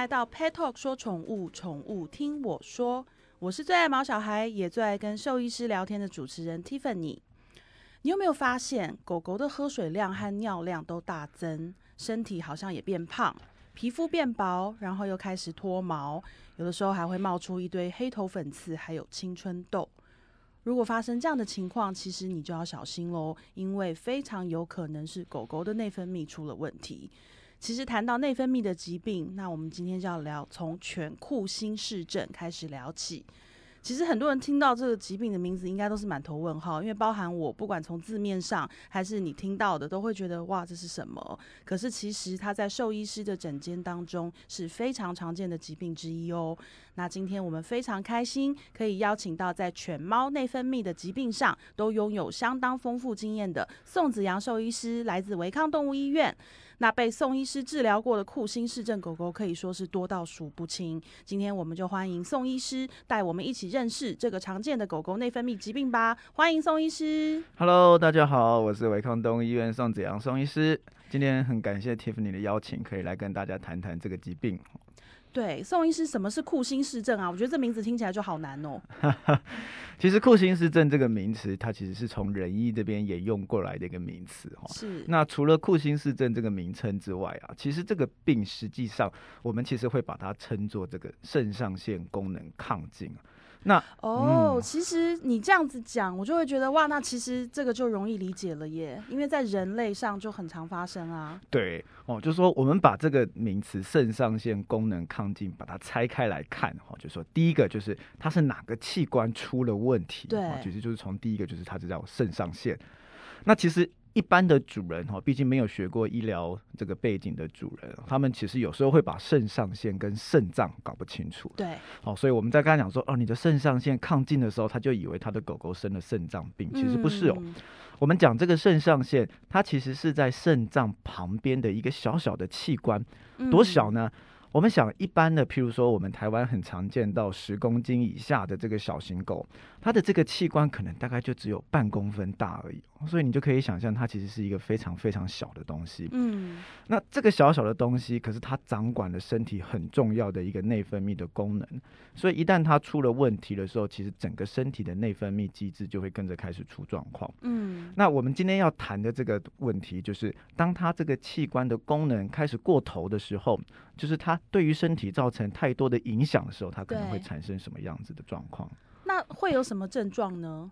來到 Pet Talk 說寵物，寵物聽我說，我是最愛毛小孩，也最愛跟獸醫師聊天的主持人 Tiffany。你有沒有發現，狗狗的喝水量和尿量都大增，身體好像也變胖，皮膚變薄，然後又開始脫毛，有的時候還會冒出一堆黑頭粉刺，還有青春痘。如果發生這樣的情況，其實你就要小心嘍，因為非常有可能是狗狗的內分泌出了問題。其實談到內分泌的疾病，那我們今天就要聊從犬庫欣氏症開始聊起。其實很多人聽到這個疾病的名字，應該都是滿頭問號，因為包含我不管從字面上還是你聽到的，都會覺得哇，這是什麼？可是其實它在獸醫師的診間當中是非常常見的疾病之一哦。那今天我們非常開心可以邀請到在犬貓內分泌的疾病上都擁有相當豐富經驗的宋子揚獸醫師，來自維康動物醫院。那被宋醫師治療過的庫欣氏症狗狗，可以說是多到數不清。今天我們就歡迎宋醫師帶我們一起認識這個常見的狗狗內分泌疾病吧。歡迎宋醫師。Hello，大家好，我是維康動物醫院宋子揚宋醫師。今天很感謝 Tiffany 的邀請，可以來跟大家談談這個疾病。對，宋醫師，什麼是庫欣氏症啊？我覺得這名字聽起來就好難哦。 其實庫欣氏症這個名詞，它其實是從人醫這邊沿用過來的一個名詞哈。是。那除了庫欣氏症這個名稱之外啊，其實這個病實際上我們其實會把它稱作這個腎上腺功能亢進。那哦，嗯、其實你這樣子講，我就會覺得哇，那其實這個就容易理解了耶，因為在人類上就很常發生啊。對哦，就是說我們把這個名詞“腎上腺功能亢進”把它拆開來看哈，就是說第一個就是它是哪個器官出了問題，對，其實就是從第一個就是它就叫腎上腺，那其實。一般的主人哈，哦，畢竟沒有學過醫療這個背景的主人，他們其實有時候會把腎上腺跟腎臟搞不清楚。對，好，哦，所以我們在剛才講說，哦，你的腎上腺亢進的時候，他就以為他的狗狗生了腎臟病，其實不是哦。嗯，我們講這個腎上腺，它其實是在腎臟旁邊的一個小小的器官，多小呢？嗯我們想，一般的，譬如說，我們台灣很常見到十公斤以下的這個小型狗，它的這個器官可能大概就只有半公分大而已，所以你就可以想象，它其實是一個非常非常小的東西。嗯，那這個小小的東西，可是它掌管了身體很重要的一個內分泌的功能，所以一旦它出了問題的時候，其實整個身體的內分泌機制就會跟着開始出狀況。嗯，那我們今天要談的這個問題，就是當它這個器官的功能開始過頭的時候。就是它對於身體造成太多的影響的時候，它可能會產生什麼樣子的狀況？對。那會有什麼症狀呢？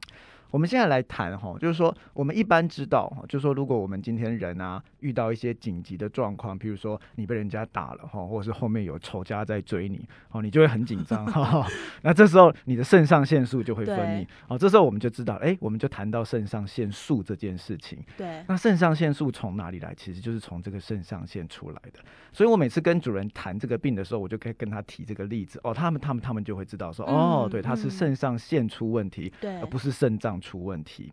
我們現在來談哈，就是說我們一般知道，就是說如果我們今天人啊，遇到一些緊急的狀況，譬如說你被人家打了哈，或者是後面有仇家在追你哦，你就會很緊張哈。那這時候你的腎上腺素就會分泌對哦。這時候我們就知道，哎、欸，我們就談到腎上腺素這件事情。對。那腎上腺素從哪裡來？其實就是從這個腎上腺出來的。所以我每次跟主人談這個病的時候，我就可以跟他提這個例子哦，他們他們他們就會知道說，嗯、哦，對，他是腎上腺出問題，對而不是腎臟。出問題，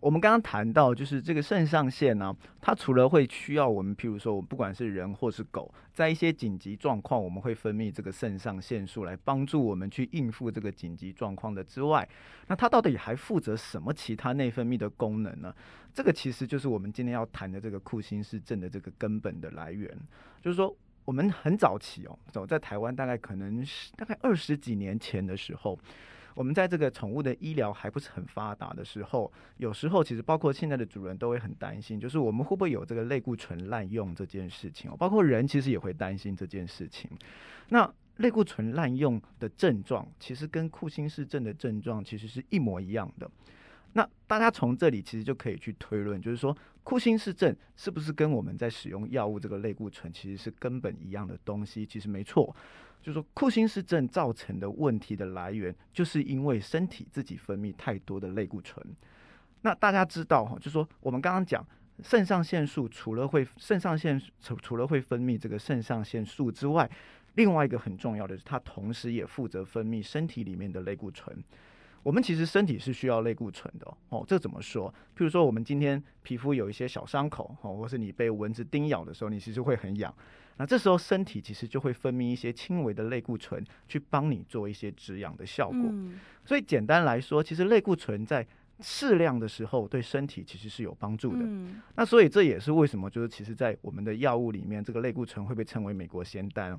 我們剛剛談到，就是這個腎上腺呢，啊，它除了會需要我們，譬如說，我不管是人或是狗，在一些緊急狀況，我們會分泌這個腎上腺素來幫助我們去應付這個緊急狀況的之外，那它到底還負責什麼其他內分泌的功能呢？這個其實就是我們今天要談的這個庫欣氏症的這個根本的來源，就是說，我們很早期哦，在台灣大概可能是大概二十幾年前的時候。我們在這個寵物的醫療還不是很發達的時候，有時候其實包括現在的主人都會很擔心，就是我們會不會有這個類固醇濫用這件事情。包括人其實也會擔心這件事情。那類固醇濫用的症狀，其實跟庫欣氏症的症狀其實是一模一樣的。那大家從這裡其實就可以去推論，就是說庫欣氏症是不是跟我們在使用藥物這個類固醇其實是根本一樣的東西？其實沒錯。就是說庫欣氏症造成的問題的來源，就是因為身體自己分泌太多的類固醇。那大家知道哈，就是說我們剛剛講腎上腺素，除了會腎上腺除除了會分泌這個腎上腺素之外，另外一個很重要的是，它同時也負責分泌身體裡面的類固醇。我們其實身體是需要類固醇的哦。這怎麼說？譬如說，我們今天皮膚有一些小傷口，哦，或是你被蚊子叮咬的時候，你其實會很癢。那這時候身體其實就會分泌一些輕微的類固醇，去幫你做一些止癢的效果。嗯、所以簡單來說，其實類固醇在適量的時候對身體其實是有幫助的。嗯、那所以這也是為什麼，就是其實在我們的藥物裡面，這個類固醇會被稱為美國仙丹。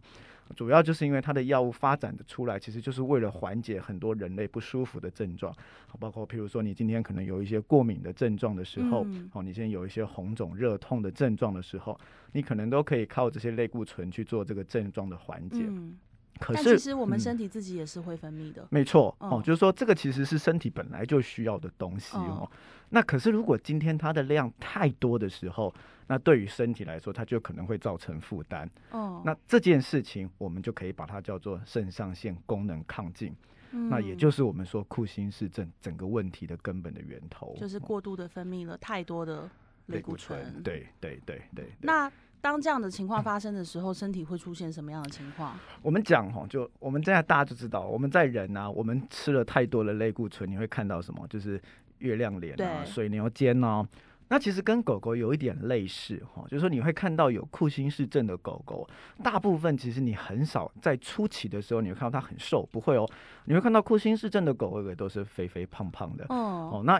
主要就是因為它的藥物發展的出來，其實就是為了緩解很多人類不舒服的症狀，包括譬如說你今天可能有一些過敏的症狀的時候，嗯、哦，你現在有一些紅腫熱痛的症狀的時候，你可能都可以靠這些類固醇去做這個症狀的緩解。嗯，可是其實我們身體自己也是會分泌的，嗯、沒錯哦，哦就是說這個其實是身體本來就需要的東西哦。哦那可是如果今天它的量太多的時候。那對於身體來說，它就可能會造成負擔。哦，那這件事情我們就可以把它叫做腎上腺功能亢進。嗯、那也就是我們說庫欣氏症整,整個問題的根本的源頭。就是過度的分泌了太多的類固醇。固醇對,對對對對。那當這樣的情況發生的時候，嗯、身體會出現什麼樣的情況？我們講吼，就我們現在大家就知道，我們在人啊，我們吃了太多的類固醇，你會看到什麼？就是月亮臉啊，對水牛肩啊、哦。那其實跟狗狗有一點類似哈，就是說你會看到有庫欣氏症的狗狗，大部分其實你很少在初期的時候你會看到它很瘦，不會哦，你會看到庫欣氏症的狗狗都是肥肥胖胖的。哦，哦，那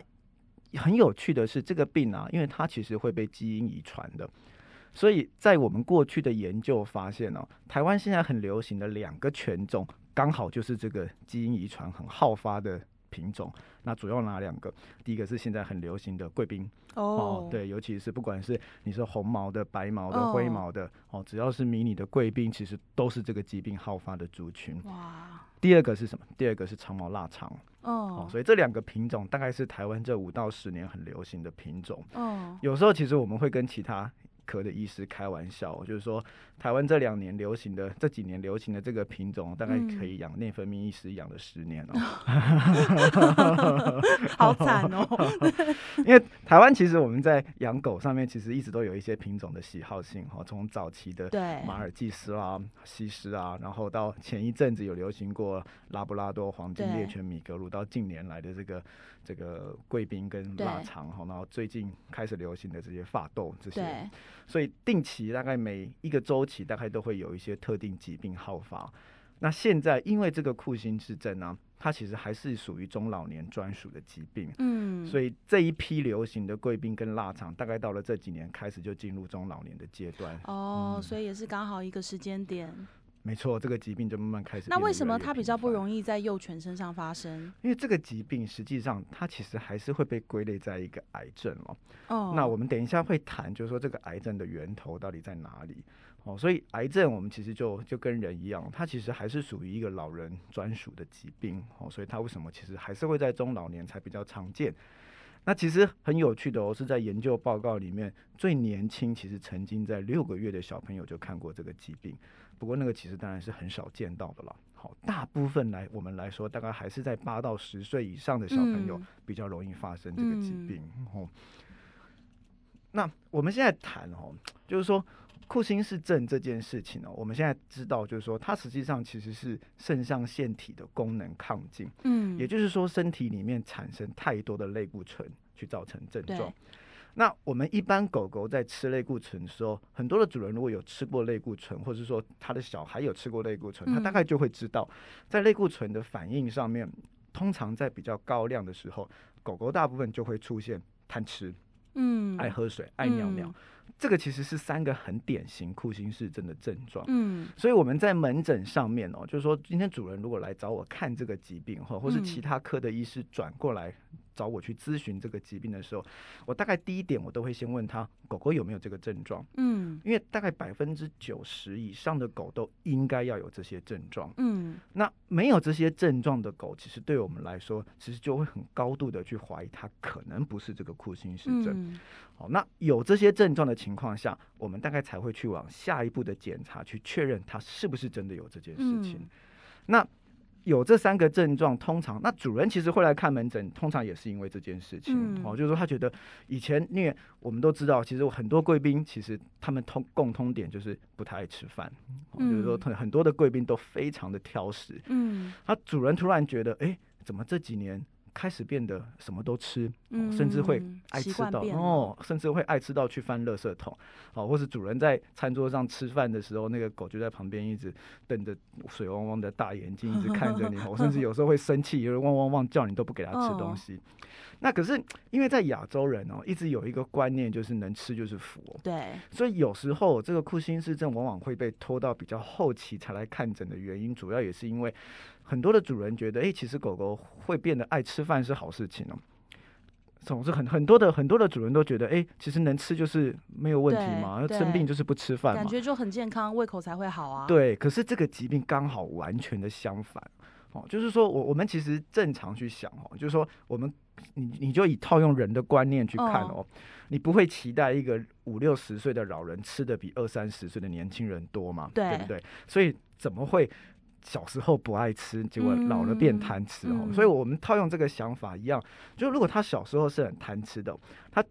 很有趣的是這個病啊，因為它其實會被基因遺傳的，所以在我們過去的研究發現哦、啊，台灣現在很流行的兩個犬種，剛好就是這個基因遺傳很好發的。品種，那主要哪兩個？第一個是現在很流行的貴賓、oh. 哦，對，尤其是不管是你說紅毛的、白毛的、灰毛的，oh. 哦，只要是迷你的貴賓，其實都是這個疾病好發的族群。哇！Wow. 第二個是什麼？第二個是長毛臘腸、oh. 哦，所以這兩個品種大概是台灣這五到十年很流行的品種。哦，oh. 有時候其實我們會跟其他科的醫師開玩笑，就是說。台灣這兩年流行的這幾年流行的這個品種，大概可以養內分泌醫師養了十年哦，喔，嗯、 好慘哦。因為台灣其實我們在養狗上面，其實一直都有一些品種的喜好性哈。從早期的馬爾濟斯啦、啊、西施啊，然後到前一陣子有流行過拉布拉多、黃金獵犬、米格魯，到近年來的這個這個貴賓跟臘腸哈，然後最近開始流行的這些法鬥這些。所以定期大概每一個週。大概都會有一些特定疾病好發。那現在因為這個庫欣氏症呢，它其實還是屬於中老年專屬的疾病。嗯，所以這一批流行的貴賓跟臘腸，大概到了這幾年開始就進入中老年的階段。哦，所以也是剛好一個時間點。沒錯，這個疾病就慢慢開始。那為什麼它比較不容易在幼犬身上發生？因為這個疾病實際上它其實還是會被歸類在一個癌症哦，那我們等一下會談，就是說這個癌症的源頭到底在哪裡？哦，所以癌症我們其實就就跟人一樣，它其實還是屬於一個老人專屬的疾病哦，所以它為什麼其實還是會在中老年才比較常見？那其實很有趣的哦，是在研究報告裡面，最年輕其實曾經在六個月的小朋友就看過這個疾病，不過那個其實當然是很少見到的了。好、哦，大部分來我們來說，大概還是在八到十歲以上的小朋友比較容易發生這個疾病，嗯嗯、哦。那我們現在談哦，就是說。庫欣氏症這件事情呢、哦，我們現在知道，就是說它實際上其實是腎上腺體的功能亢進，嗯，也就是說身體裡面產生太多的類固醇，去造成症狀。對那我們一般狗狗在吃類固醇的時候，很多的主人如果有吃過類固醇，或者是說他的小孩有吃過類固醇，嗯、他大概就會知道，在類固醇的反應上面，通常在比較高量的時候，狗狗大部分就會出現貪吃，嗯、愛喝水，愛尿尿。嗯尿這個其實是三個很典型庫欣氏症的症狀，嗯，所以我們在門診上面哦，就是說今天主人如果來找我看這個疾病，或或是其他科的醫師轉過來。嗯找我去諮詢這個疾病的時候，我大概第一點，我都會先問他狗狗有沒有這個症狀，嗯，因為大概百分之九十以上的狗都應該要有這些症狀，嗯，那沒有這些症狀的狗，其實對我們來說，其實就會很高度的去懷疑它可能不是這個庫欣氏症，嗯、好，那有這些症狀的情況下，我們大概才會去往下一步的檢查去確認它是不是真的有這件事情，嗯、那。有這三個症狀，通常那主人其實會來看門診，通常也是因為這件事情哦、嗯，就是說他覺得以前因為我們都知道，其實很多貴賓其實他們通共通點就是不太愛吃飯、嗯，就是說很多的貴賓都非常的挑食。嗯，他、啊、主人突然覺得，哎、欸，怎麼這幾年，開始變得什麼都吃，甚至會愛吃到、嗯、哦，甚至會愛吃到去翻垃圾桶，好、哦，或是主人在餐桌上吃飯的時候，那個狗就在旁邊一直瞪着水汪汪的大眼睛，一直看着你。我 甚至有時候會生氣，有人汪汪汪叫你都不給它吃東西。哦、那可是因為，在亞洲人哦，一直有一個觀念就是能吃就是福，對，所以有時候這個庫欣氏症往往會被拖到比較後期才來看診的原因，主要也是因為。很多的主人覺得，哎、欸，其實狗狗會變得愛吃飯是好事情哦、喔。總是很很多的很多的主人都覺得，哎、欸，其實能吃就是沒有問題嘛，對生病就是不吃飯，感覺就很健康，胃口才會好啊。對，可是這個疾病剛好完全的相反哦。就是說我我們其實正常去想哦，就是說我們你你就以套用人的觀念去看哦，嗯、你不會期待一個五六十歲的老人吃得比二三十歲的年輕人多嘛？對，對不對？所以怎麼會？小時候不愛吃，結果老了變貪吃哦。嗯，所以我們套用這個想法一樣，就是如果他小時候是很貪吃的，他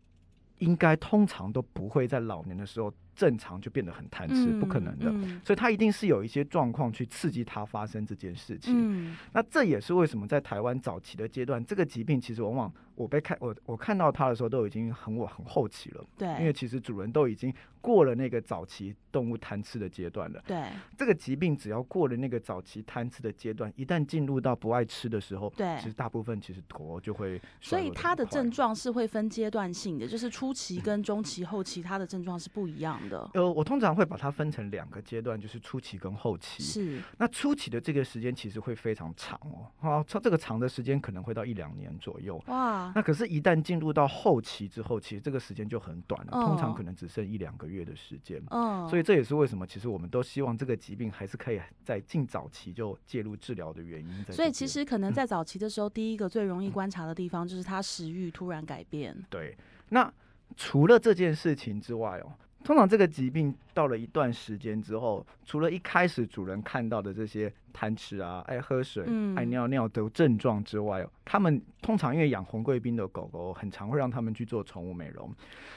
應該通常都不會在老年的時候。正常就變得很貪吃，嗯、不可能的，嗯、所以他一定是有一些狀況去刺激他發生這件事情。嗯、那這也是為什麼在台灣早期的階段，這個疾病其實往往我被看我我看到它的時候都已經很我很後期了。對，因為其實主人都已經過了那個早期動物貪吃的階段了。對，這個疾病只要過了那個早期貪吃的階段，一旦進入到不愛吃的時候，對，其實大部分其實駝就會會。所以它的症狀是會分階段性的，就是初期跟中期後期他的症狀是不一樣的。嗯呃，我通常會把它分成兩個階段，就是初期跟後期。是那初期的這個時間其實會非常長哦，好、啊，這個長的時間可能會到一兩年左右。哇，那可是，一旦進入到後期之後，其實這個時間就很短了，通常可能只剩一兩個月的時間。哦，所以這也是為什麼，其實我們都希望這個疾病還是可以在近早期就介入治療的原因。所以，其實可能在早期的時候，嗯、第一個最容易觀察的地方就是它食欲突然改變。對，那除了這件事情之外，哦。通常這個疾病到了一段時間之後，除了一開始主人看到的這些，貪吃啊，愛喝水，愛尿尿的症狀之外，嗯、他們通常因為養紅貴賓的狗狗，很常會讓他們去做寵物美容，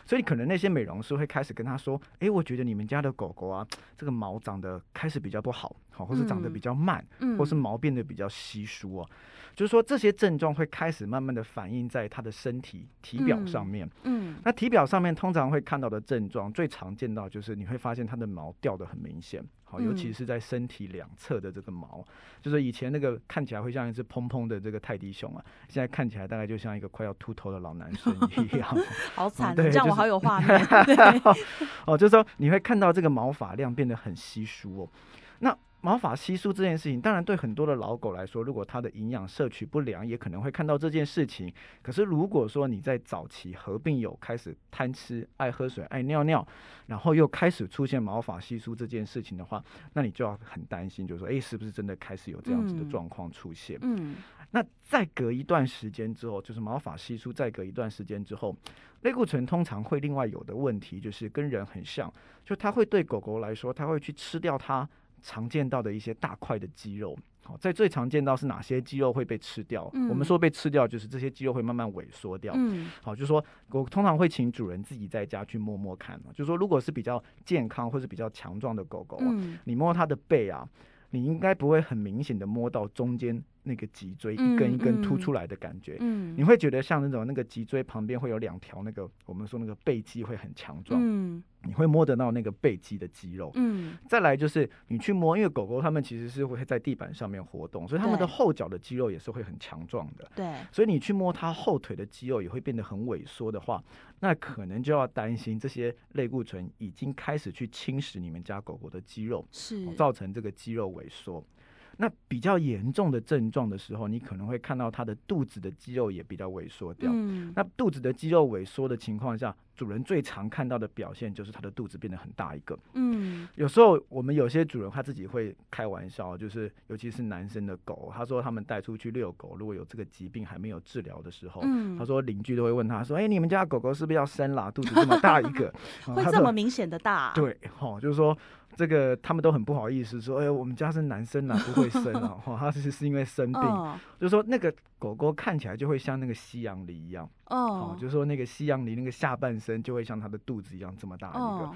所以可能那些美容師會開始跟他說：“哎、欸，我覺得你們家的狗狗啊，這個毛長得開始比較不好，好，或是長得比較慢，嗯、或是毛變得比較稀疏哦、啊。嗯”就是說這些症狀會開始慢慢的反映在他的身體體表上面。嗯，嗯那體表上面通常會看到的症狀最常見到就是你會發現它的毛掉得很明顯。尤其是在身體兩側的這個毛，嗯、就是以前那個看起來會像一隻蓬蓬的這個泰迪熊啊，現在看起來大概就像一個快要禿頭的老男生一樣， 好慘慘！哦、這樣我好有畫面，就是 哦。哦，就是說你會看到這個毛髮量變得很稀疏哦。那毛髮稀疏這件事情，當然對很多的老狗來說，如果它的營養攝取不良，也可能會看到這件事情。可是如果說你在早期合併有開始貪吃、愛喝水、愛尿尿，然後又開始出現毛髮稀疏這件事情的話，那你就要很擔心，就是說，哎、欸，是不是真的開始有這樣子的狀況出現？嗯。嗯，那再隔一段時間之後，就是毛髮稀疏，再隔一段時間之後，類固醇通常會另外有的問題，就是跟人很像，就它會對狗狗來說，它會去吃掉它。常見到的一些大塊的肌肉，好、哦，在最常見到是哪些肌肉會被吃掉？嗯、我們說被吃掉，就是這些肌肉會慢慢萎縮掉。好、嗯哦，就是說，我通常會請主人自己在家去摸摸看嘛，就是說，如果是比較健康或者比較強壯的狗狗、啊，嗯、你摸它的背啊，你應該不會很明顯的摸到中間。那個脊椎一根一根突出來的感覺，嗯嗯、你會覺得像那種那個脊椎旁邊會有兩條那個我們說那個背肌會很強壯，嗯、你會摸得到那個背肌的肌肉。嗯，再來就是你去摸，因為狗狗它們其實是會在地板上面活動，所以它們的後腳的肌肉也是會很強壯的。對，所以你去摸它後腿的肌肉也會變得很萎縮的話，那可能就要擔心這些類固醇已經開始去侵蝕你們家狗狗的肌肉，是、哦、造成這個肌肉萎縮。那比較嚴重的症狀的時候，你可能會看到它的肚子的肌肉也比較萎縮掉。嗯，那肚子的肌肉萎縮的情況下，主人最常看到的表現就是它的肚子變得很大一個。嗯，有時候我們有些主人他自己會開玩笑，就是尤其是男生的狗，他說他們帶出去遛狗，如果有這個疾病還沒有治療的時候，嗯，他說鄰居都會問他，說：“哎、欸，你們家狗狗是不是要生啦？肚子這麼大一個， 會這麼明顯的大、啊？”對，齁，就是說。這個他們都很不好意思說，哎、欸，我們家是男生啦，不會生啊。 哦。他其實是因為生病，oh. 就說那個狗狗看起來就會像那個西洋梨一樣，oh. 哦。好，就說那個西洋梨那個下半身就會像它的肚子一樣這麼大那個。好，oh.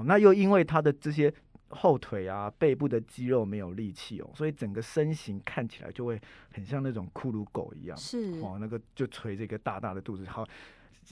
哦，那又因為它的這些後腿啊、背部的肌肉沒有力氣哦，所以整個身形看起來就會很像那種骷髏狗一樣。是，哦，那個就垂着一個大大的肚子，好。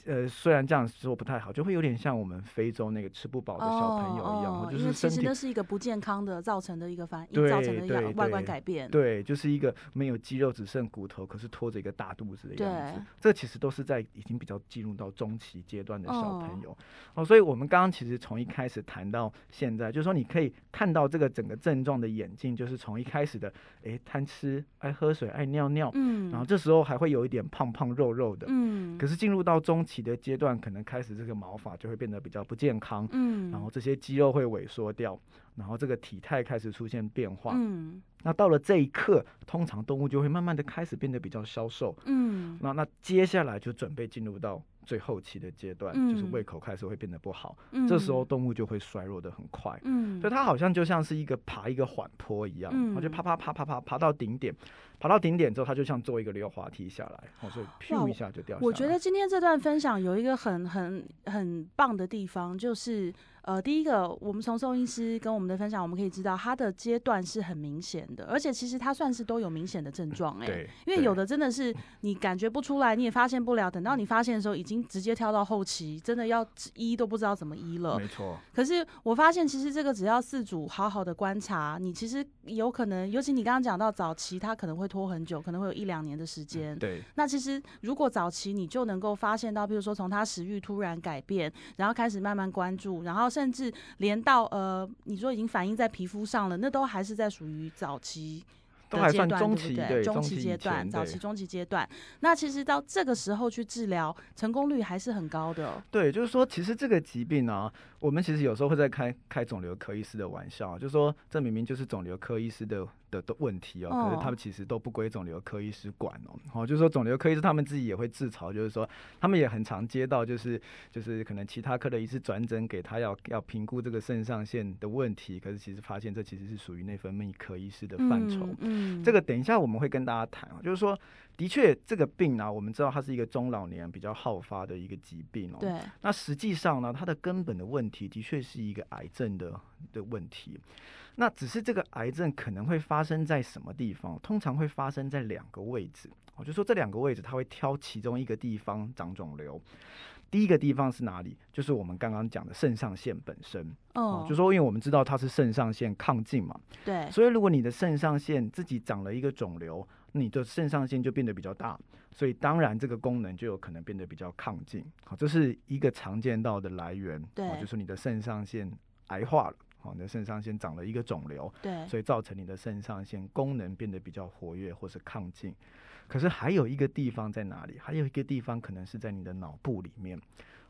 呃，雖然這樣說不太好，就會有點像我們非洲那個吃不飽的小朋友一樣，哦、就是其實那是一個不健康的造成的，一個反應造成的一個對造成的外觀改變對。對，就是一個沒有肌肉，只剩骨頭，可是拖着一個大肚子的樣子。對這其實都是在已經比較進入到中期階段的小朋友哦，哦。所以我們剛剛其實從一開始談到現在，就是說你可以看到這個整個症狀的演進，就是從一開始的哎、欸、貪吃、愛喝水、愛尿尿，嗯，然後這時候還會有一點胖胖肉肉的，嗯，可是進入到中期。起的階段，可能開始這個毛髮就會變得比較不健康，嗯，然後這些肌肉會萎縮掉，然後這個體態開始出現變化，嗯，那到了這一刻，通常動物就會慢慢的開始變得比較消瘦，嗯，那那接下來就準備進入到。最後期的階段，嗯、就是胃口開始會變得不好，嗯、這時候動物就會衰弱得很快，嗯、所以它好像就像是一個爬一個緩坡一樣，嗯、它就啪啪啪啪啪爬到頂點，爬到頂點之後，它就像坐一個溜滑梯下來，哦，所以咻一下就掉下來。我。我覺得今天這段分享有一個很很很棒的地方，就是。呃，第一個，我們從宋醫師跟我們的分享，我們可以知道他的階段是很明顯的，而且其實他算是都有明顯的症狀、欸，哎，對，因為有的真的是你感覺不出來，你也發現不了，等到你發現的時候，已經直接跳到後期，真的要醫都不知道怎麼醫了，沒錯。可是我發現，其實這個只要飼主好好的觀察，你其實有可能，尤其你剛剛講到早期，他可能會拖很久，可能會有一兩年的時間、嗯，對。那其實如果早期你就能夠發現到，比如說從他食欲突然改變，然後開始慢慢關注，然後。甚至連到呃，你說已經反映在皮膚上了，那都還是在屬於早期的階段，都還算中期，對不對？對，中期階段，期早期、中期階段。對，那其實到這個時候去治療，成功率還是很高的哦。對，就是說，其實這個疾病啊，我們其實有時候會在開開腫瘤科醫師的玩笑，就說這明明就是腫瘤科醫師的。的的問題哦，可是他們其實都不歸腫瘤科醫師管哦。好、oh. 哦,就是說腫瘤科醫師他們自己也會自嘲，就是說他們也很常接到，就是就是可能其他科的醫師轉診給他要，要要評估這個腎上腺的問題，可是其實發現這其實是屬於內分泌科醫師的範疇、嗯。嗯，這個等一下我們會跟大家談啊、哦，就是說的確這個病呢、啊，我們知道它是一個中老年比較好發的一個疾病哦。對。那實際上呢，它的根本的問題的確是一個癌症的的問題。那只是這個癌症可能會發生在什麼地方？通常會發生在兩個位置。我、哦、就說這兩個位置，它會挑其中一個地方長腫瘤。第一個地方是哪裡？就是我們剛剛講的腎上腺本身。哦，哦。就說因為我們知道它是腎上腺亢進嘛。對。所以如果你的腎上腺自己長了一個腫瘤，那你的腎上腺就變得比較大，所以當然這個功能就有可能變得比較亢進。好、哦、這、就是一個常見到的來源。對、哦。就說你的腎上腺癌化了。你的腎上腺長了一個腫瘤，對，所以造成你的腎上腺功能變得比較活躍或是亢進。可是還有一個地方在哪裡？還有一個地方可能是在你的腦部裡面。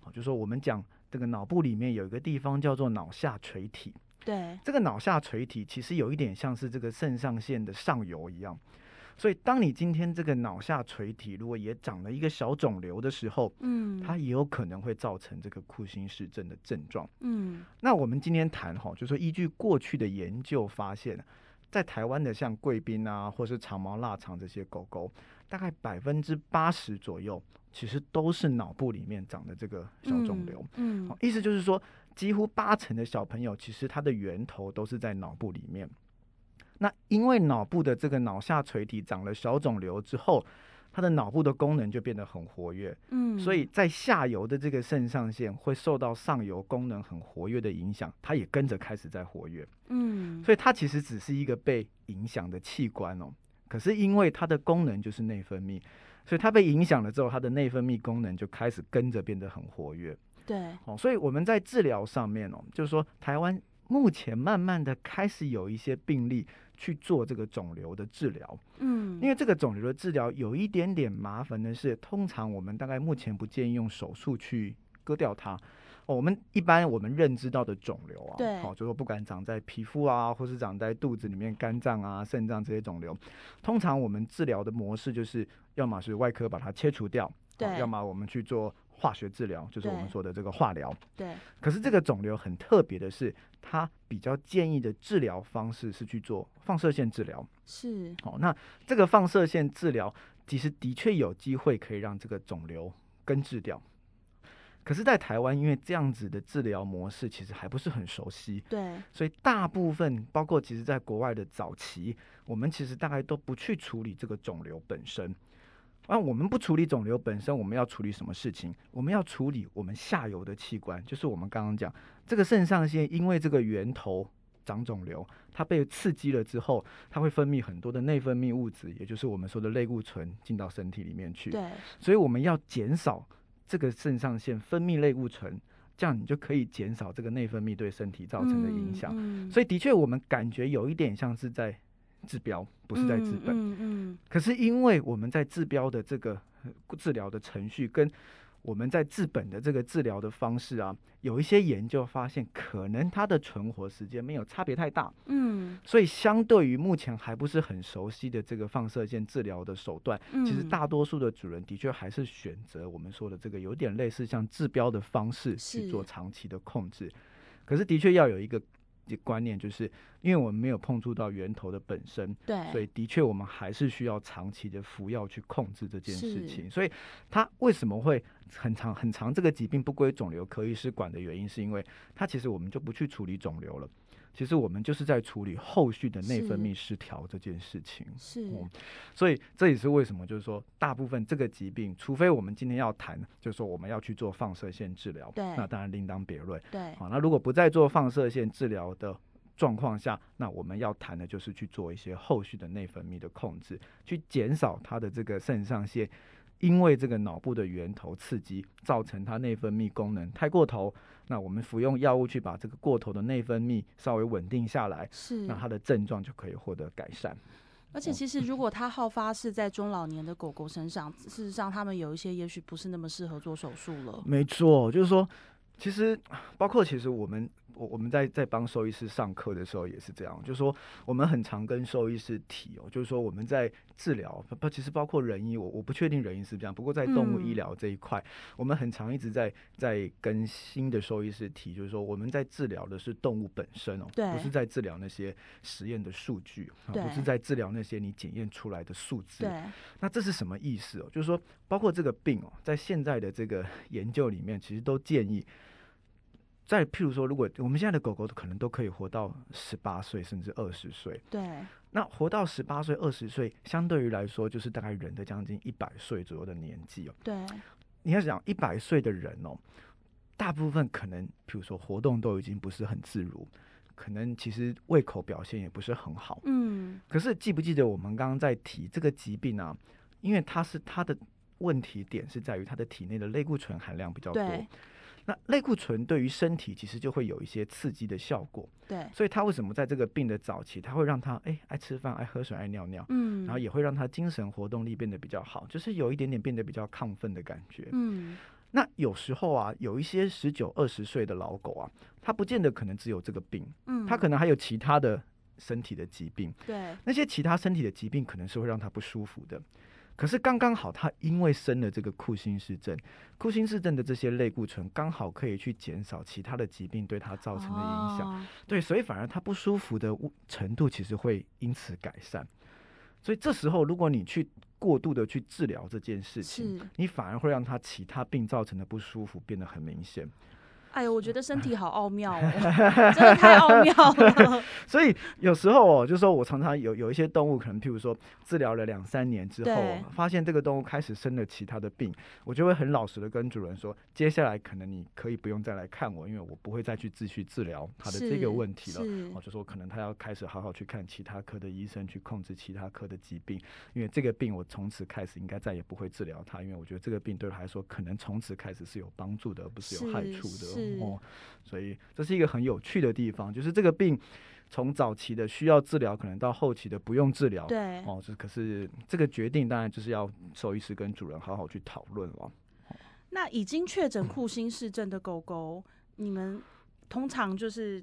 好，就說我們講這個腦部裡面有一個地方叫做腦下垂體，對，這個腦下垂體其實有一點像是這個腎上腺的上游一樣。所以，當你今天這個腦下垂體如果也長了一個小腫瘤的時候，嗯，它也有可能會造成這個庫欣氏症的症狀。嗯，那我們今天談哈、哦，就是、說依據過去的研究發現，在台灣的像貴賓啊，或者是長毛臘腸這些狗狗，大概百分之八十左右，其實都是腦部裡面長的這個小腫瘤。嗯，嗯，意思就是說，幾乎八成的小朋友，其實它的源頭都是在腦部裡面。那因為腦部的這個腦下垂體長了小腫瘤之後，它的腦部的功能就變得很活躍，嗯，所以在下游的這個腎上腺會受到上游功能很活躍的影響，它也跟着開始在活躍，嗯，所以它其實只是一個被影響的器官哦。可是因為它的功能就是內分泌，所以它被影響了之後，它的內分泌功能就開始跟着變得很活躍，對，哦，所以我們在治療上面哦，就是說台灣目前慢慢的開始有一些病例。去做這個腫瘤的治療，嗯，因為這個腫瘤的治療有一點點麻煩的是，通常我們大概目前不建議用手術去割掉它，哦，我們一般我們認知到的腫瘤啊，對，好，哦，就說不管長在皮膚啊，或是長在肚子裡面肝臟啊、腎臟這些腫瘤，通常我們治療的模式就是要麼是外科把它切除掉。對。哦，要麼我們去做化學治療，就是我們說的這個化療。對。可是這個腫瘤很特別的是，它比較建議的治療方式是去做放射線治療。是。哦，那這個放射線治療其實的確有機會可以讓這個腫瘤根治掉。可是，在台灣，因為這樣子的治療模式其實還不是很熟悉。對。所以，大部分包括其實，在國外的早期，我們其實大概都不去處理這個腫瘤本身。啊，我們不處理腫瘤本身，我們要處理什麼事情？我們要處理我們下游的器官，就是我們剛剛講這個腎上腺，因為這個源頭長腫瘤，它被刺激了之後，它會分泌很多的內分泌物質，也就是我們說的類固醇進到身體裡面去。對所以我們要減少這個腎上腺分泌類固醇，這樣你就可以減少這個內分泌對身體造成的影響。嗯嗯、所以的確，我們感覺有一點像是在，治標不是在治本，嗯嗯嗯、可是因為我們在治標的這個治療的程序，跟我們在治本的這個治療的方式啊，有一些研究發現，可能它的存活時間沒有差別太大，嗯，所以相對於目前還不是很熟悉的這個放射線治療的手段，嗯、其實大多數的主人的確還是選擇我們說的這個有點類似像治標的方式去做長期的控制，是，可是的確要有一個。這觀念就是，因為我們沒有碰觸到源頭的本身，對，所以的確我們還是需要長期的服藥去控制這件事情。是所以，它為什麼會很長很長？這個疾病不歸腫瘤科醫師管的原因，是因為它其實我們就不去處理腫瘤了。其實我們就是在處理後續的內分泌失調這件事情，是，是、嗯，所以這也是為什麼，就是說大部分這個疾病，除非我們今天要談，就是說我們要去做放射線治療，對，那當然另當別論，對，好、啊，那如果不再做放射線治療的狀況下，那我們要談的就是去做一些後續的內分泌的控制，去減少它的這個腎上腺。因為這個腦部的源頭刺激造成它內分泌功能太過頭，那我們服用藥物去把這個過頭的內分泌稍微穩定下來，是那它的症狀就可以獲得改善。而且其實如果它好發是在中老年的狗狗身上，嗯、事實上他們有一些也許不是那麼適合做手術了。沒錯，就是說，其實包括其實我們。我我們在在幫獸醫師上課的時候也是這樣，就是說我們很常跟獸醫師提哦，就是說我們在治療，不不，其實包括人醫，我我不確定人醫是這樣，不過在動物醫療這一塊，我們很常一直在在跟新的獸醫師提，就是說我們在治療的是動物本身哦，不是在治療那些實驗的數據，不是在治療那些你檢驗出來的數字。那這是什麼意思哦？就是說包括這個病哦，在現在的這個研究裡面，其實都建議。再譬如說，如果我們現在的狗狗可能都可以活到十八歲，甚至二十歲。對。那活到十八歲、二十歲，相對於來說，就是大概人的將近一百歲左右的年紀哦。對。你要想一百歲的人哦，大部分可能，譬如說活動都已經不是很自如，可能其實胃口表現也不是很好。嗯。可是記不記得我們剛剛在提這個疾病呢、啊？因為它是它的問題點是在於它的體內的類固醇含量比較多。對。那類固醇對於身體其實就會有一些刺激的效果，對，所以他為什麼在這個病的早期，他會讓他、欸、愛吃飯、愛喝水、愛尿尿，嗯，然後也會讓他精神活動力變得比較好，就是有一點點變得比較亢奮的感覺，嗯。那有時候啊，有一些十九、二十歲的老狗啊，他不見得可能只有這個病，嗯，他可能還有其他的身體的疾病，對、嗯，那些其他身體的疾病可能是會讓他不舒服的。可是剛剛好，他因為生了這個庫欣氏症，庫欣氏症的這些類固醇剛好可以去減少其他的疾病對他造成的影響，哦、對，所以反而他不舒服的程度其實會因此改善。所以這時候如果你去過度的去治療這件事情，是你反而會讓他其他病造成的不舒服變得很明顯。哎呦，我覺得身體好奧妙哦， 真的太奧妙了。 所以有時候哦，就是說我常常有有一些動物，可能譬如說治療了兩三年之後，對發現這個動物開始生了其他的病，我就會很老實的跟主人說，接下來可能你可以不用再來看我，因為我不會再去繼續治療它的這個問題了。我、哦、就說可能他要開始好好去看其他科的醫生，去控制其他科的疾病，因為這個病我從此開始應該再也不會治療它，因為我覺得這個病對它來說可能從此開始是有幫助的，而不是有害處的。哦，所以這是一個很有趣的地方，就是這個病從早期的需要治療，可能到後期的不用治療。對，哦，這可是這個決定，當然就是要獸醫師跟主人好好去討論了。哦、那已經確診庫欣氏症的狗狗，嗯、你們通常就是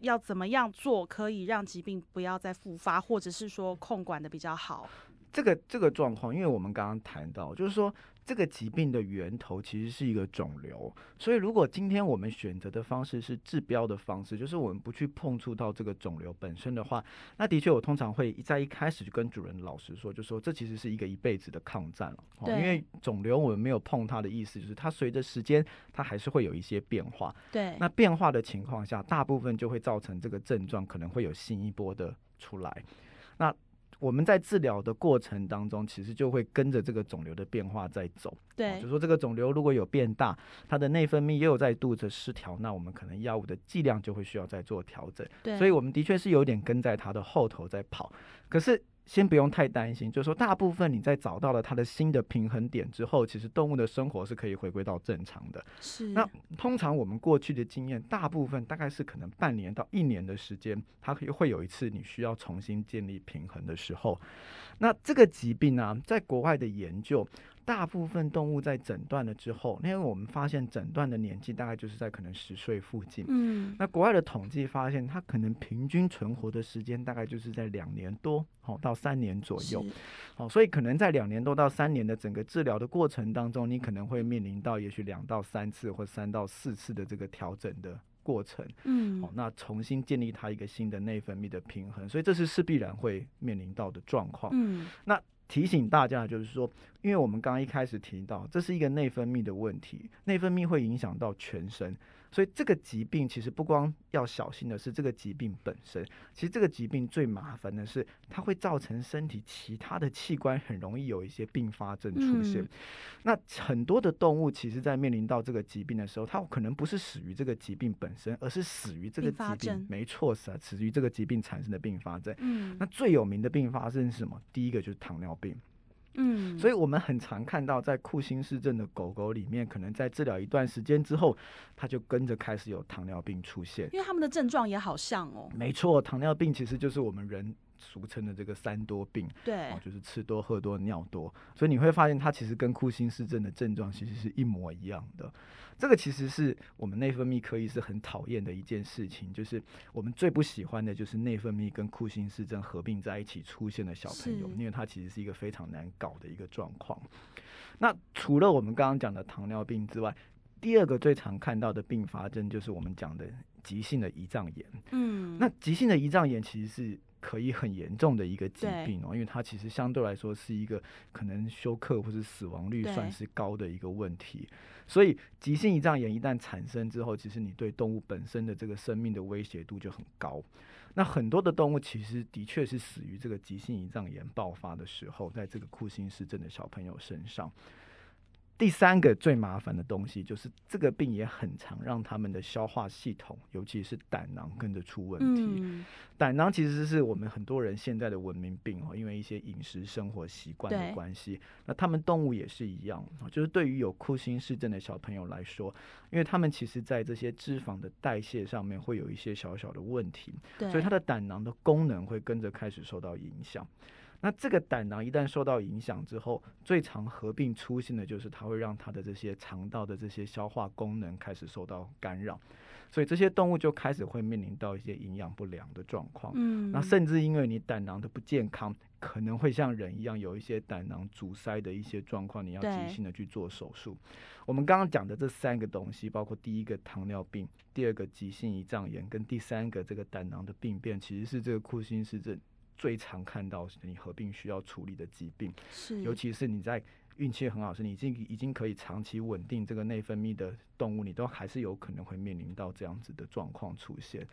要怎麼樣做，可以讓疾病不要再復發，或者是說控管的比較好？這個這個狀況，因為我們剛剛談到，就是說。這個疾病的源頭其實是一個腫瘤，所以如果今天我們選擇的方式是治標的方式，就是我們不去碰觸到這個腫瘤本身的話，那的確我通常會在一,一開始就跟主人老實說，就說這其實是一個一輩子的抗戰了。哦、對因為腫瘤我們沒有碰它的意思，就是它隨着時間它還是會有一些變化。對。那變化的情況下，大部分就會造成這個症狀可能會有新一波的出來。那我們在治療的過程當中，其實就會跟着這個腫瘤的變化在走。對，哦、就是說這個腫瘤如果有變大，它的內分泌也有再度失調，那我們可能藥物的劑量就會需要再做調整。對，所以我們的確是有點跟在它的後頭在跑，可是，先不用太擔心，就是說，大部分你在找到了它的新的平衡點之後，其實動物的生活是可以回歸到正常的。是，那通常我們過去的經驗，大部分大概是可能半年到一年的時間，它可以會有一次你需要重新建立平衡的時候。那這個疾病呢，啊，在國外的研究。大部分動物在診斷了之後，因為我們發現診斷的年紀大概就是在可能十歲附近。嗯，那國外的統計發現，它可能平均存活的時間大概就是在兩年多，好、哦、到三年左右。好是、哦，所以可能在兩年多到三年的整個治療的過程當中，你可能會面臨到也許兩到三次或三到四次的這個調整的過程。嗯，好、哦，那重新建立它一個新的內分泌的平衡，所以這是勢必然會面臨到的狀況。嗯，那。提醒大家，就是說，因為我們剛剛一開始提到，這是一個內分泌的問題，內分泌會影響到全身。所以這個疾病其實不光要小心的是這個疾病本身，其實這個疾病最麻煩的是它會造成身體其他的器官很容易有一些併發症出現。嗯、那很多的動物其實，在面臨到這個疾病的時候，它可能不是死於這個疾病本身，而是死於這個疾病。併發症。沒錯，啊，死於這個疾病產生的併發症。嗯、那最有名的併發症是什麼？第一個就是糖尿病。嗯，所以我們很常看到在庫欣氏症的狗狗裡面，可能在治療一段時間之後，它就跟着開始有糖尿病出現。因為他們的症狀也好像哦。沒錯，糖尿病其實就是我們人。俗稱的這個三多病，對、哦，就是吃多、喝多、尿多，所以你會發現它其實跟庫欣氏症的症狀其實是一模一樣的。這個其實是我們內分泌科醫師很討厭的一件事情，就是我們最不喜歡的就是內分泌跟庫欣氏症合併在一起出現的小朋友，是因為它其實是一個非常難搞的一個狀況。那除了我們剛剛講的糖尿病之外，第二個最常看到的併發症就是我們講的急性的胰臟炎。嗯，那急性的胰臟炎其實是。可以很嚴重的一個疾病哦，對因為它其實相對來說是一個可能休克或是死亡率算是高的一個問題。對所以急性胰臟炎一旦產生之後，其實你對動物本身的這個生命的威脅度就很高。那很多的動物其實的確是死於這個急性胰臟炎爆發的時候，在這個庫欣氏症的小朋友身上。第三個最麻煩的東西就是這個病也很常讓他們的消化系統，尤其是膽囊跟着出問題。嗯、膽囊其實是我們很多人現在的文明病哦，因為一些飲食生活習慣的關係。對那他們動物也是一樣，就是對於有庫欣氏症的小朋友來說，因為他們其實在這些脂肪的代謝上面會有一些小小的問題，對所以他的膽囊的功能會跟着開始受到影響。那這個膽囊一旦受到影響之後，最常合併出現的就是它會讓它的這些腸道的這些消化功能開始受到干擾，所以這些動物就開始會面臨到一些營養不良的狀況。嗯，那甚至因為你膽囊的不健康，可能會像人一樣有一些膽囊阻塞的一些狀況，你要急性的去做手術。對我們剛剛講的這三個東西，包括第一個糖尿病，第二個急性胰臟炎，跟第三個這個膽囊的病變，其實是這個庫欣氏症，最常看到你合併需要處理的疾病，是尤其是你在運氣很好時，你已經已經可以長期穩定這個內分泌的動物，你都還是有可能會面臨到這樣子的狀況出現。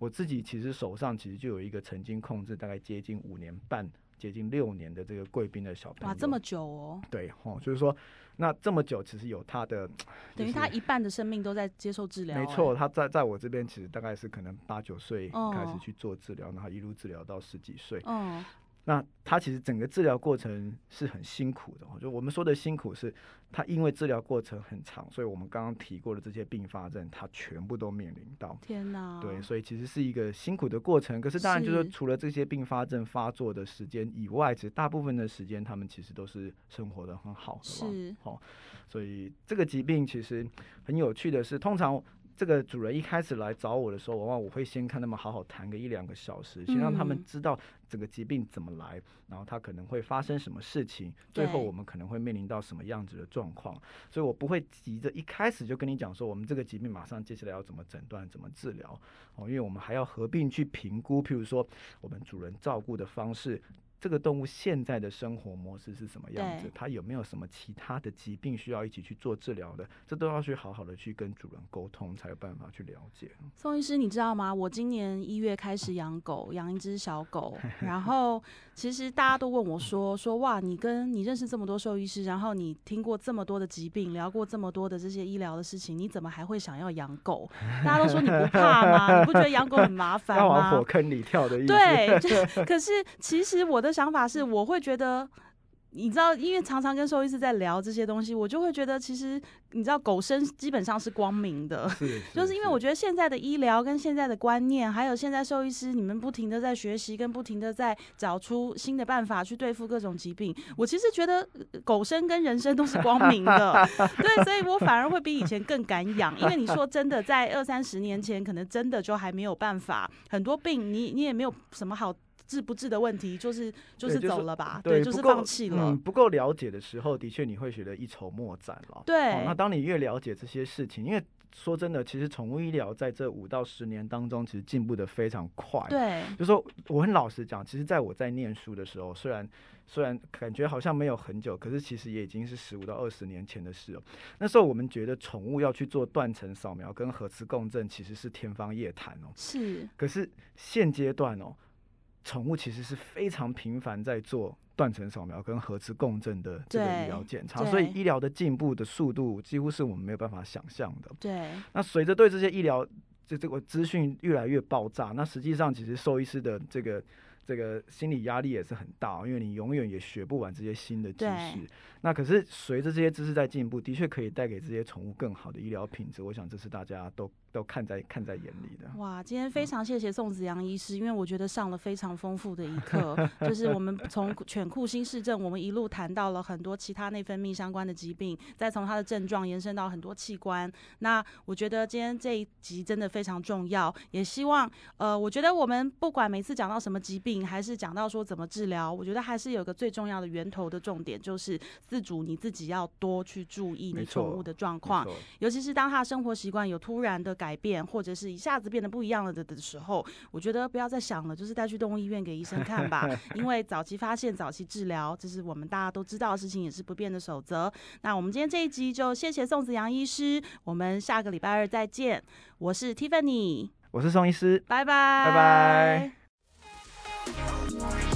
我自己其實手上其實就有一個曾經控制大概接近五年半、接近六年的這個貴賓的小朋友，哇、啊，這麼久哦，對，哦，就是說。那這麼久，其實有他的，等於他一半的生命都在接受治療。沒錯，他在在我這邊，其實大概是可能八九歲開始去做治療，哦、然後一路治療到十幾歲。嗯那他其實整個治療過程是很辛苦的、哦，就我們說的辛苦是，他因為治療過程很長，所以我們剛剛提過的這些併發症，他全部都面臨到。天哪！對，所以其實是一個辛苦的過程。可是當然就是除了這些併發症發作的時間以外，是其實大部分的時間他們其實都是生活得很好，是吧？好是、哦，所以這個疾病其實很有趣的是，通常這個主人一開始來找我的時候，往往我會先看他們好好談個一兩個小時，先讓他們知道、嗯。這個疾病怎麼來，然後它可能會發生什麼事情，最後我們可能會面臨到什麼樣子的狀況，對所以我不會急着一開始就跟你講說我們這個疾病馬上接下來要怎麼診斷、怎麼治療哦，因為我們還要合併去評估，譬如說我們主人照顧的方式，這個動物現在的生活模式是什麼樣子，對它有沒有什麼其他的疾病需要一起去做治療的，這都要去好好的去跟主人溝通，才有辦法去了解。宋醫師，你知道嗎？我今年一月開始養狗，養一隻小狗。 然後，其實大家都問我說：“說哇，你跟你認識這麼多獸醫師，然後你聽過這麼多的疾病，聊過這麼多的這些醫療的事情，你怎麼還會想要養狗？”大家都說你不怕嗎？ 你不覺得養狗很麻煩嗎？他往火坑裡跳的意思 對。對，可是其實我的想法是，我會覺得。你知道，因為常常跟獸醫師在聊這些東西，我就會覺得，其實你知道，狗生基本上是光明的，是是是就是因為我覺得現在的醫療跟現在的觀念，還有現在獸醫師你們不停的在學習，跟不停的在找出新的辦法去對付各種疾病。我其實覺得狗生跟人生都是光明的， 對，所以我反而會比以前更敢養，因為你說真的，在二三十年前，可能真的就還沒有辦法，很多病你你也沒有什麼好。治不治的問題，就是就是走了吧，對，就是對夠放棄了。嗯、不夠了解的時候，的確你會覺得一籌莫展了。對、哦，那當你越了解這些事情，因為說真的，其實寵物醫療在這五到十年當中，其實進步得非常快。對，就說我很老實講，其實在我在念書的時候，雖然雖然感覺好像沒有很久，可是其實也已經是十五到二十年前的事了。那時候我們覺得寵物要去做斷層掃描跟核磁共振，其實是天方夜譚哦。是，可是現階段哦。寵物其實是非常頻繁在做斷層掃描跟核磁共振的這個醫療檢查，所以醫療的進步的速度幾乎是我們沒有辦法想象的。對，那隨着對這些醫療這這個資訊越來越爆炸，那實際上其實獸醫師的這個這個心理壓力也是很大，因為你永遠也學不完這些新的知識。對那可是隨着這些知識在進步，的確可以帶給這些寵物更好的醫療品質。我想這是大家都。都看在看在眼裡的。哇！今天非常謝謝宋子揚醫師，嗯、因為我覺得上了非常豐富的一課， 就是我們從犬庫欣氏症，我們一路談到了很多其他內分泌相關的疾病，再從它的症狀延伸到很多器官。那我覺得今天這一集真的非常重要，也希望呃，我覺得我們不管每次講到什麼疾病，還是講到說怎麼治療，我覺得還是有個最重要的源頭的重點，就是飼主你自己要多去注意你寵物的狀況，尤其是當它生活習慣有突然的改。改變或者是一下子變得不一樣了的的時候，我覺得不要再想了，就是帶去動物醫院給醫生看吧，因為早期發現、早期治療，這是我們大家都知道的事情，也是不變的守則。那我們今天這一集就謝謝宋子揚醫師，我們下個禮拜二再見。我是 Tiffany，我是宋醫師，拜拜 bye，拜拜。